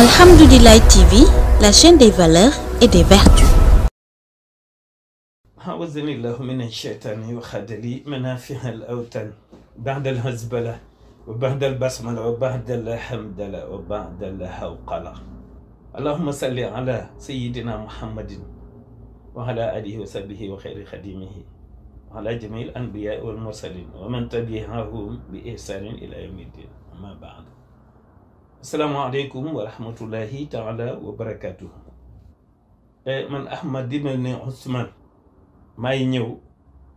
Alhamdulillah TV, la chaîne des valeurs et des vertus. أعوذ الله من الشيطان وخد لي منافع الأوتان بعد الهزبلة وبعد البسملة وبعد الحمدلة وبعد الهوقلة اللهم صل على سيدنا محمد وعلى آله وصحبه وخير خديمه وعلى جميع الأنبياء والمرسلين ومن تبعهم بإحسان إلى يوم الدين السلام عليكم ورحمة الله تعالى وبركاته من أحمد بن عثمان may ñëw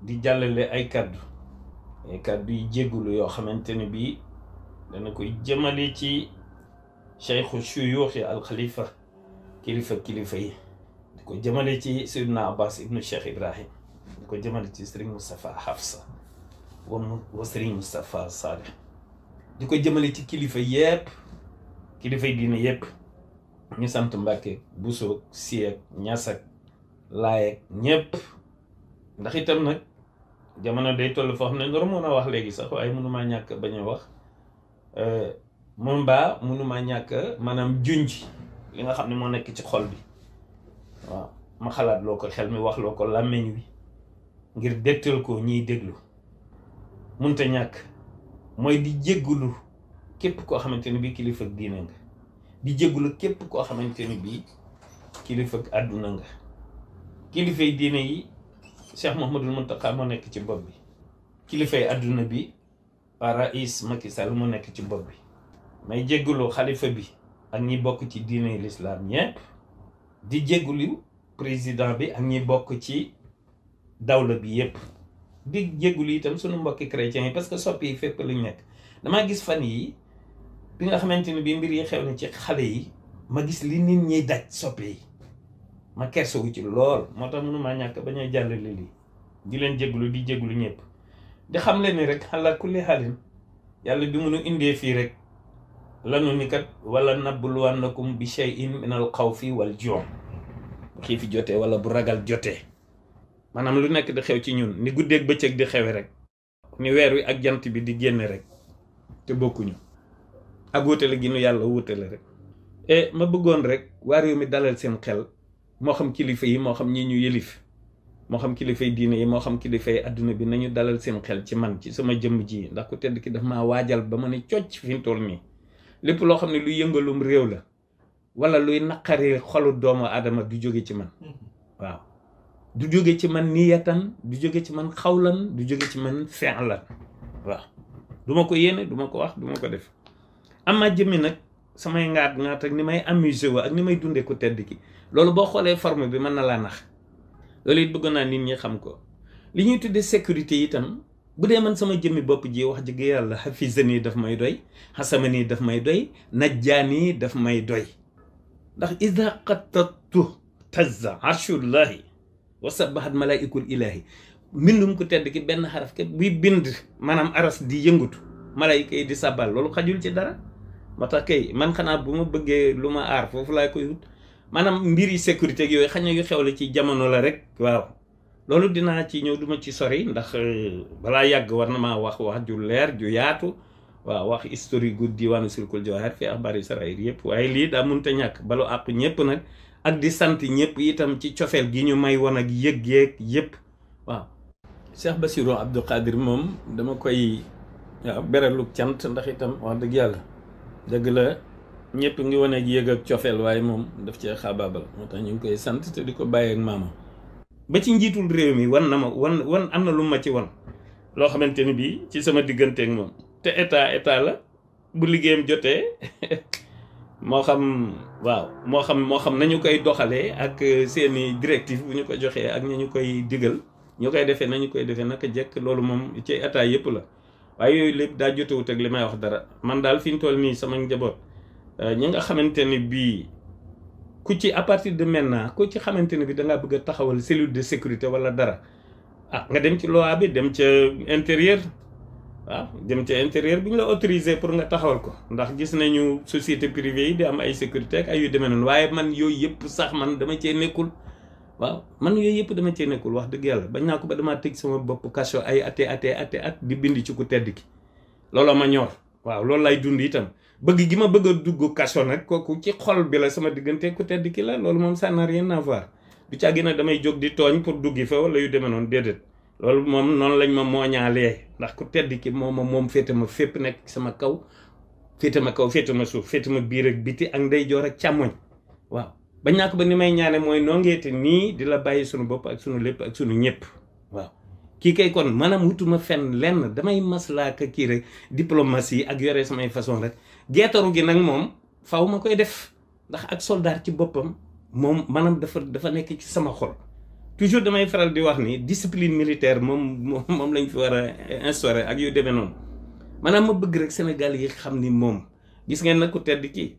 di jàllale ay kàddu ay kàddu yi jéggulu yoo xamante ne bii dana koy jëmale ci cheikhu shuyuuxi alxalifa kilifa kilifa yi di ko jëmale ci Seydina Abbas ibnu Cheikh Ibrahim di ko jëmale ci Sëriñ Moustapha Hafsa wa Sëriñ Moustapha Saleh di ko jëmale ci kilifa yépp kilifay diine yépp ñu sant mbàkke busoog siyeeg ñasak laayeeg nyep, ndax itam nag jamono day toll foo xam ne nor mën a wax léegi sax waaye mënumaa ñàkk bañ a wax euh, moom baa mënumaa ñàkk maanaam junj li nga xam ne moo nekk ci xol bi waaw ma xalaat loo ko xel mi wax loo ko ngir dettal ko ñiy déglu munta ñàkk mooy di jéggulu képp koo xamante ne bii kilifa diine nga di jégalu képp koo xamante ne bii kilifa àdduna nga kilifay diine yi Cheikh Mouhamadul Mountakha moo nekk ci bopp bi kilifay àdduna bi rais Macky Sall nekk ci bopp bi may xalifa bi ak ñi bokk ci diine l'islam di jégalu président bi ak ñi bokk ci dawla bi yépp di jégalu itam sunu mbokki chrétiens yi parce que soppi fépp gis fan yi bi nga xamante ni bi mbir yi xew ni ci xale yi ma gis li nit ñiy daj soppe yi ma kersawu ci lool moo tax mënumaa ñàkk ba ñuy jàllale di leen jéglu di jéglu ñëpp di xam leen ni rek xala kulli xalin yàlla bi mënu indee fii rek lanu ni kat wala nabluwannakum bi shay'in min al xawfi wal joom ki fi jotee wala bu ragal jotee maanaam lu nekk di xew ci ñun ni guddeeg bëccëg di xewe rek ni weer wi ak jant bi di génn rek te bokkuñu ak wutale gi nu yàlla wutale rek eh, ma bëggoon rek waa réew mi dalal seen xel moo xam kilifa yi moo xam ñii ñu yélif moo xam kilifay diine yi moo xam kilifa kilifay àdduna bi nañu dalal seen xel ci man ci sama jëmm ji ndax ku tedd ki daf maa waajal ba ma ne cocc fi toll nii lépp loo xam ne luy yëngalum réew la wala luy naqari xolu doomu aadama du jóge ci man mm-hmm. waaw du jóge ci man niyatan du jóge ci man xaw lan du jóge ci man fi'lan waaw du ko yéene du ko wax du ma ko def am ama jëmmi nag samay ngaat ngaat ak ni may amusé wu ak ni may dundee ku tedd ki loolu boo xoolee forme bi mën na laa nax loolu it bëggoon naa nit ñi xam ko li ñuy tuddee sécurité itam bu dee man sama jëmmi bopp ji wax dëgg yàlla nii daf may doy nii daf may doy najjaani daf may doy ndax ida qatattu tazza arshullahi wa sabahat malaikul ilahi mbindum ku tedd ki benn xaraf kat buy bind maanaam aras di yëngutu malaayika yi di sàbbal loolu xajul ci dara moo tax kay man xanaa bu ma bëggee lu ma aar foofu laay koy wut maanaam mbir yi sécurité yooyu xañ na yu xew la ci jamono la rek waaw loolu dinaa ci ñëw duma ci sori ndax euh, balaa yàgg war na maa wax wax ju leer ju yaatu waaw wax historique gu diwaanu Silkul Jawahir fi axbaar bari sarair yëpp waaye lii daa mënta ñàkk balu àq ñëpp nag ak di sant ñëpp itam ci cofeel gi ñu may woon ak yëg yëpp waaw Cheikh Bassirou Abdou Khadir moom dama koy waaw beralug cant ndax itam wax dëgg yàlla dëgg la ñëpp ngi wane yëg ak cofeel waaye moom def cee xaabaabal moo tax ñu ngi koy sant te di ko bàyyi ak ba ci njiitul réew mi wan na ma wan wan am na lu ma ci wan loo xamante ni bii ci sama diggante ak moom te état état la bu liggéeyam jotee moo xam waaw moo xam moo xam nañu koy doxalee ak seeni directive bu ñu ko joxee ak ñu ñu koy digal ñu koy defee nañu koy defee naka jekk loolu moom ci état yëpp la waaye yooyu lépp daa jotewut ak li may wax dara man daal fi ñu toll nii sama njaboot euh, ñi nga xamante ne bii ku ci à partir de maintenant ku ci xamante ne bi da bëgg a taxawal cellule de sécurité wala dara ah nga dem ci loi bi dem ca intérieur waaw dem ca intérieur bi ñu la autorisé pour nga taxawal ko ndax gis nañu société privée yi di am ay sécurité ak ay yu demee noonu waaye man yooyu yëpp sax man dama cee nekkul waaw man yooyu yëpp dama cee nekkul wax dëgg yàlla bañ naa ko ba dama tëj sama bopp kaso ay ate ate ate at di bind ci ku tedd ki looloo ma ñor waaw loolu lay dund itam bëgg gi ma bëgg a dugg kaso nag kooku ci xol bi la sama diggante ku tedd ki la loolu moom ça n'a rien à voir du càggi nag damay jóg di tooñ pour duggi fa wala yu demee noonu déedéet loolu moom noonu lañ ma mooñaalee ndax ku tedd ki moom moom féete ma fépp nekk sama kaw féete ma kaw féete ma suuf féete ma biir ak biti ak ndeyjoor ak càmmoñ waaw banyak ñàkk ba ni may ñaane mooy noo ngeete nii di la bàyyi sunu ak sunu lepp ak sunu ñepp waaw ki kay kon manam hutuma fenn lenn damay ka ki rek diplomatie ak yoré samay façon rek gétaru gi nak mom faw ma koy def ndax ak soldat ci bopam mom manam dafa dafa nek ci sama xol toujours damay faral di wax ni discipline militaire mom mom lañ fi wara eh, eh, instauré ak yu demee non manam ma bëgg rek Sénégal yi xamni mom gis ngeen nak ku tedd ci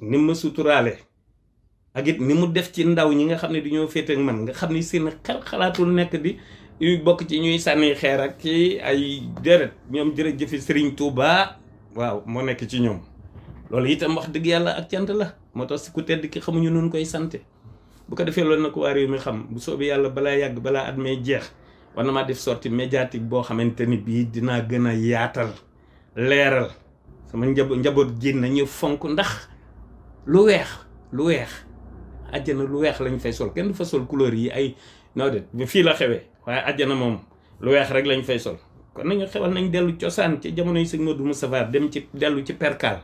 ni ma suturaale agit ni mu def ci ndaw ñi nga xam dañu fété ak man nga xamni seen xel xalaatul nekk di yu bok ci ñuy sami xéer ak ci ay deret ñoom jërëjëfi Serigne Touba waaw mo nekk ci ñom loolu itam wax deug yalla ak tiant la moo tax ku tedd ki ñu nun koy santé bu ko defee lool nak waa yu mi xam bu soobi yalla bala yàgg bala at may jeex wana ma def sorti médiatique bo xamanteni bi dina gëna yaatal leeral sama njaboot njaboot génn ñu fonk ndax lu wéx lu wéx àjjana lu weex lañ fay sol kenn du fa sol couleur yi ay noo de fii la xewee waaye àjjana moom lu weex rek lañ fay sol kon nañu xewal nañ dellu cosaan ci jamono yi sëñ Modou Moustapha dem ci dellu ci perkaal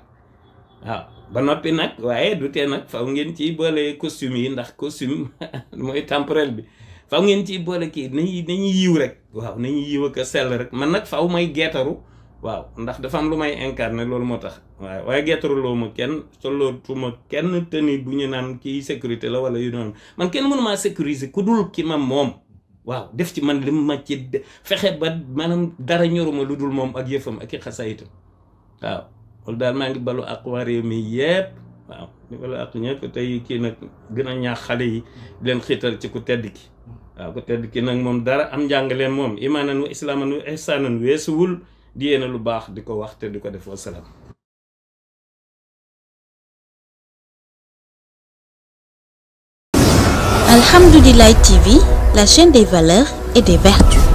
waaw ba noppi nag waaye du tee nag faw ngeen ciy boole costume yi ndax costume mooy temporel bi faw ngeen ciy boole kii nañuy nañuy yiw rek waaw nañuy yiw ak sell rek man nag faw may geetaru waaw ndax dafa am lu may incarné loolu moo tax waaye waaye gertaruloo ma kenn solootuma kenn teni bu ñu naan kii sécurité la wala yu noonu man kenn mënu ma sécuriser ku dul ki ma moom waaw def ci man lim ma ci fexe ba maanaam dara ñoruma lu dul moom ak yëfam ak i waaw loolu daal maa ngi balu ak mi yépp waaw ni balu ak ñëpp tey kii nag gën a ñaax xale yi di leen xiital ci ku tedd ki waaw ku tedd ki nag moom dara am njàngleen moom imaanan Alhamdulillah TV, la chaîne des valeurs et des vertus.